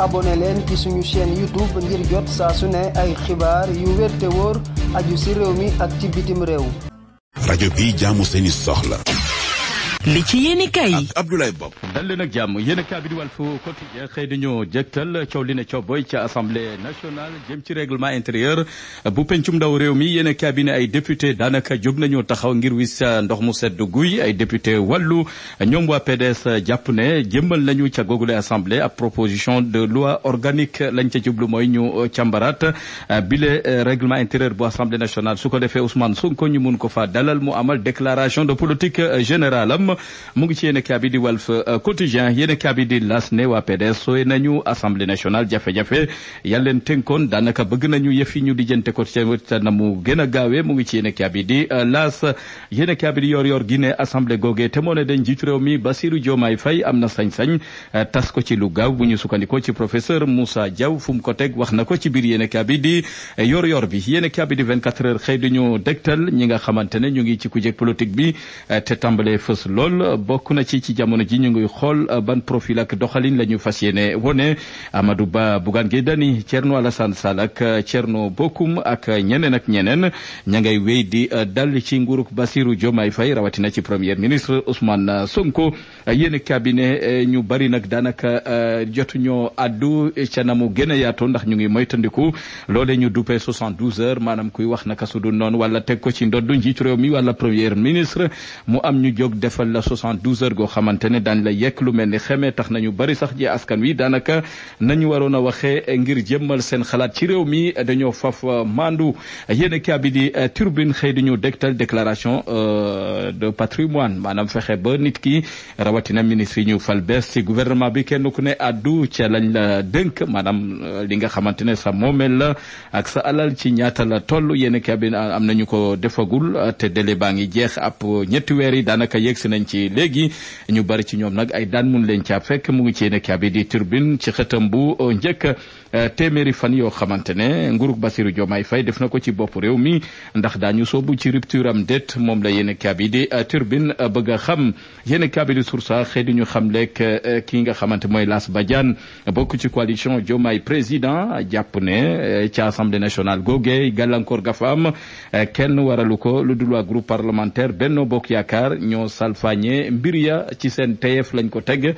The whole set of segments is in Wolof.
abone leen ci suñu chaîne YouTube ngir jot saa su ne ay xibaar yu wér te wóor aju ci réew mi ak ci bitim réew. rajo bi jaamu seeni soxla. li ci yéen i kay Abdoulaye Bob dal leen ak jàmm yéen a kaa di Walf Quotidien xëy dañu jëktal coow li ne ca boy ci assemblée nationale jëm ci règlement intérieur bu pencum ndaw réew mi yéen a ay député daanaka jóg nañu taxaw ngir wis ah, ndox mu sedd guy ay député wallu ñoom waa PDS jàpp ne jëmmal nañu ca googule assemblée a proposition de loi organique lañ ca jublu mooy ñu ah, càmbaraat ah, bile eh, règlement intérieur bu assemblée nationale su ko defee Ousmane Sonko ñu mun ko fa dalal mu amal déclaration de politique eh, générale am moom mu ngi ci yéen a bi di Walf euh, Quotidien yéen a bi las ne waa sooy nañu assemblée nationale jafe-jafe yàlla leen tënkoon daanaka bëgg nañu yëf ñu dijjante ko ci na mu gën a gaawee mu ngi ci yéen a bi di euh, las yéen a bi te moo ne dañ jiitu réew mi Bassirou Diomaye Faye am na sañ-sañ euh, tas ko ci lu gaaw bu ñu sukkandikoo ci professeur Moussa Diaw fu mu ko teg wax na ko ci biir yéen a bi di yor yor bi yéen a bi heures xëy duñu dégtal ñi nga xamante ñu ngi ci kujje politique bi te tàmbalee fës lool bokk na ci ci jamono ji ñu ngi xool ban profil ak doxalin la ñu fas yéene wone amadu Ba Bougane Gueye cer Thierno Alassane Sall ak Thierno bokkum ak ñeneen ak ñeneen ña ngay wéy di euh, dal ci nguurug Bassirou Diomaye fay rawatina ci premier ministre Ousmane euh, Sonko yéen cabinet euh, ñu bari nag daanaka jotu ñoo addu ca na mu gën ndax ñu ngi moytandiku loole ñu duppee 72 heures maanaam kuy wax naka su dul wala teg ko ci ndoddu njiitu réew mi wala premier ministre mu am ñu jóg defal la 72 heures goo xamante ne daañ la yekk lu mel xeme tax nañu bari sax ji askan wi daanaka nañu waroon a ngir jemmal seen xalaat ci réew mi dañoo faf euh, mandu yéen a bi di euh, turbine xëy di ñu dégtal déclaration euh, de patrimoine maanaam fexe ba nit ki rawatina ministre yi ñu fal bees si gouvernement bi kenn ku ne addu ca lañ la dënk maanaam li nga xamante ne sa moomeel la ak sa alal ci ñaata la toll yéen a bi am nañu ko defagul te délai baa ngi jeex ab ñetti weer yi nañ ci léegi ñu bari ci ñoom nag ay daan mun leen caa fekk mu ngi ci yéen kaabi di turbine ci xëtam bu uh, njëkk uh, téeméeri fan yoo xamante ne nguurug Bassirou Diomaye fay def na ko ci boppu réew mi ndax daañu soobu ci rupture am déet moom la yéen kaabi di uh, turbine bëgg a xam yéen kaabi di sursa xëy di ñu xam lekk ki nga xamante mooy Lass Badiane bokk ci coalition Diomaye président jàpp ne ci assemblée nationale googee gàllankoor ga fa kenn waralu ko lu dul waa groupe parlementaire accompagner mbir ya ci seen teyeef lañ ko teg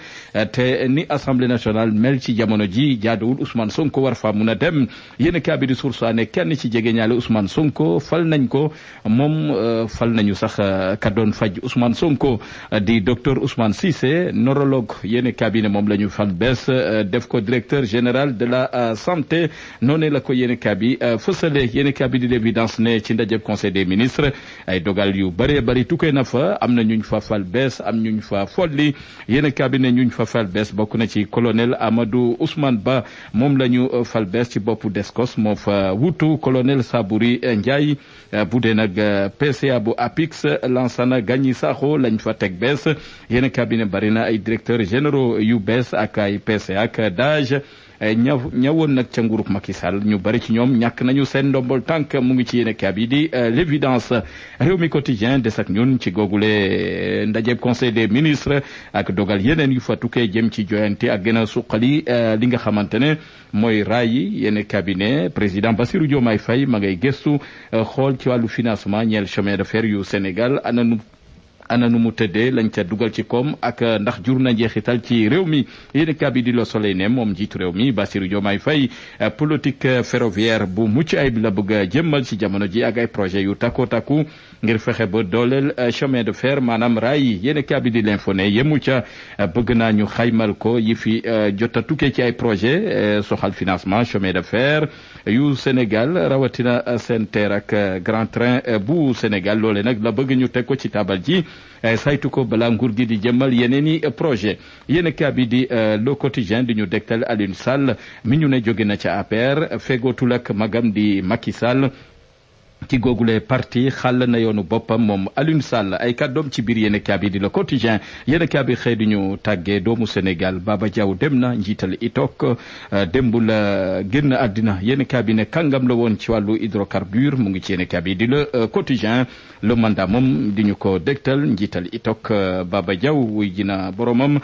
te ni assemblée nationale mel ci jamono ji jaaduwul Ousmane Sonko war fa mun a dem yéen a kaabi di source ne kenn ci jege ñaale Ousmane Sonko fal nañ ko moom euh, fal nañu sax euh, ka doon faj Ousmane Sonko euh, di docteur Ousmane Cissé neurologue yéen a kaabi ne moom la ñu fal bees def ko directeur général de la santé noonu la ko yéen a kaabi fësale yéen a kaabi di l'évidence ne ci ndajeb conseil des ministres ay dogal yu bëree bëri tukkee na fa fal bees am ñuñ fa folli yéen cabinet ñuñ fa fal bees bokk na ci colonel Amadou Ousmane Ba moom la ñu euh, fal bees ci boppu Descos moo fa wutu colonel Sabouri euh, Ndiaye euh, bu dee nag PCA bu APIX Lansana Gagny Sakho lañ fa teg bes yéen cabinet bari na ay directeurs généraux yu bees ak ay PCA ak DAGE Eh, ña ñëwoon nag ca nguurub Macky Sall ñu bari ci ñoom ñàkk nañu seen ndombol tànk mu ngi ci yéene kaab yi di eh, l'évidence réew mi quotidien des ak ñun ci googule eh, ndajeeb conseil des ministres ak dogal yeneen yu fa tukkee jëm ci joyante ak gën a suqali li nga xamante ne mooy raay yi yéene cabinet président Bassirou Diomaye fay ma ngay gëstu xool ci wàllu financement ñeel chemin de fer yu Sénégal ana ana nu mu tëddee lañ ca dugal ci koom ak eh, ndax jur na njeexital ci réew mi yéen kaa bi di Le Soleil ne moom njiitu réew mi Bassirou Diomaye fay eh, politique eh, ferroviaire bu mucc ay la bëgg a jëmmal ci jamono ji ak ay projet yu takko takku ngir fexe ba dooleel euh, chemin de fer maanaam raay yi yéen kaabi di l'info yemu ca euh, bëgg naa ñu xaymal ko yi fi euh, jot a tukkee ci ay projet soxal financement chemin de fer yu Sénégal rawatina Sen Terre ak Grand Train bu Sénégal loole nag la bëgg ñu teg ko ci tabal ji saytu ko bala nguur gi di jëmmal yeneen i projet yéen kaabi di Le Quotidien di ñu dégtal Alioune Sall mi ñu ne jóge na ca APR fegootul ak magam di Macky Sall ci googule parti xàll na yoonu boppam moom Alioune Sall ay kàddoom ci biir yéen a kaabi di la Quotidien yéen a bi xëy duñu tàggee doomu Sénégal Baba Diaw dem na njiital itoog euh, démb la génn àddina yéen a kaabi ne kàngam la woon ci wàllu hydrocarbure mu ngi ci yenn a kaabi di Le euh, Quotidien la manda moom di ñu ko dégtal njiital itoog euh, Baba Diaw wuy jina boromam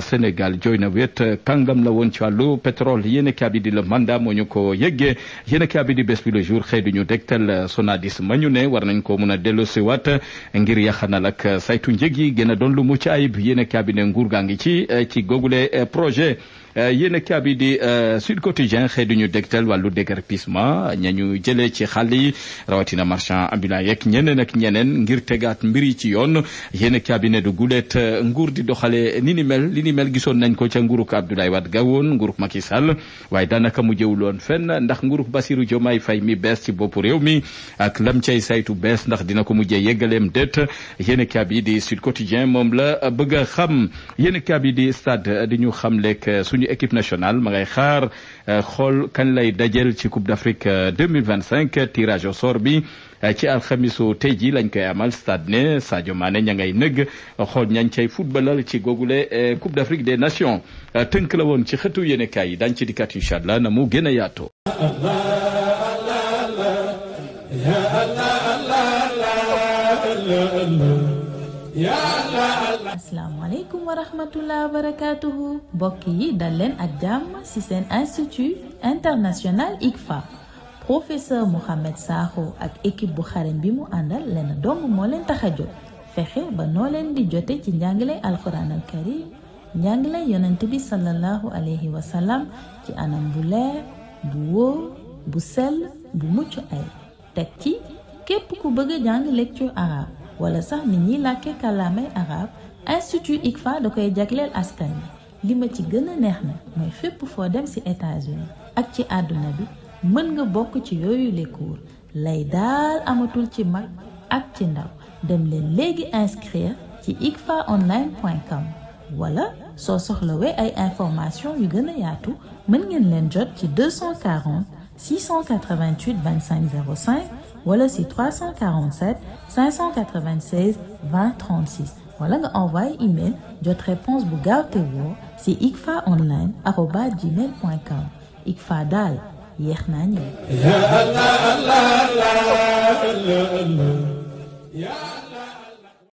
Sénégal jooy na wet kàngam la woon ci wàllu petrole yéen a kaabi di la manda moo ñu ko yëggee yéen a kaabi di bés bi le jour xëy duñu dégtal naadis ma ñu ne war nañ ko mun a delloosiwaat ngir yaxanal ak saytu njëg yi gën a doon lu mucc ay yéen a cabinet nguur gaa ngi ci ci googule eh, projet Euh, yéen a kaabi di euh, Sud Quotidien xëy duñu dégtal wàllu déguerpissement ñañu jëlee ci xal yi rawatina marchand ambulant yek ñeneen ak ñeneen ngir tegaat mbir yi ci yoon yéen a kaabi ne du guleet euh, nguur di doxale ni ni mel li ni mel gisoon nañ ko ca nguuruk Abdoulaye Wade gawoon nguuruk Macky Sall waaye daanaka mu fen fenn ndax nguuruk Bassirou Diomaye fay mi bees ci boppu réew mi ak lam cay saytu bees ndax dina ko mujjee yeggaleem déet yéen a di Sud Quotidien moom la bëgg xam yéen a kaabi di stade di xam lekk suñu suñu équipe nationale ma ngay xaar euh, xool kan lay dajel ci Coupe d'Afrique 2025 euh, tirage au sort bi euh, ci alxamisu tey jii lañ koy amal stade ne Sadio Mané ña ngay nëgg xool ñañ cay footballal ci e Coupe d'Afrique des nation tënk la woon ci xëtu yéenekaay yi daañu ci dikkaat incha allah na mu gën a yaatoo asalaamaaleykum wa rahmatullah wa barakaatuhu mbokk yi dal leen ak jàmm ci seen institut international ICFA professeur Mouhamed Sakho ak ékip bu xarañ bi mu àndal leen dong moo leen tax a fexe ba noo leen di jote ci njàngale alquran al karim njàngale yonent bi sallallahu alayhi wa sallam ci anam bu leer bu wóor bu sell bu mucc ay teg ci képp ku bëgga a jàng lecture arabe wala sax nit ñiy làkkee kàllaamay arab institut ICFA da koy jagleel askan bi li ma ci gën a neex na mooy fépp foo dem ci États-Unis ak ci àdduna bi mën nga bokk ci yooyu les cours lay daal amatul ci mag ak ci ndaw dem leen léegi inscrire ci icfaonline.com wala soo soxlawee ay information yu gën a yaatu mën ngeen leen jot ci 240 688 25 05 wala si 347 596 20 36 wala nga envoyé email jot réponse bu gaaw te woo si ikfa online arobas gmail point com ikfa daal yéex naa ñëw.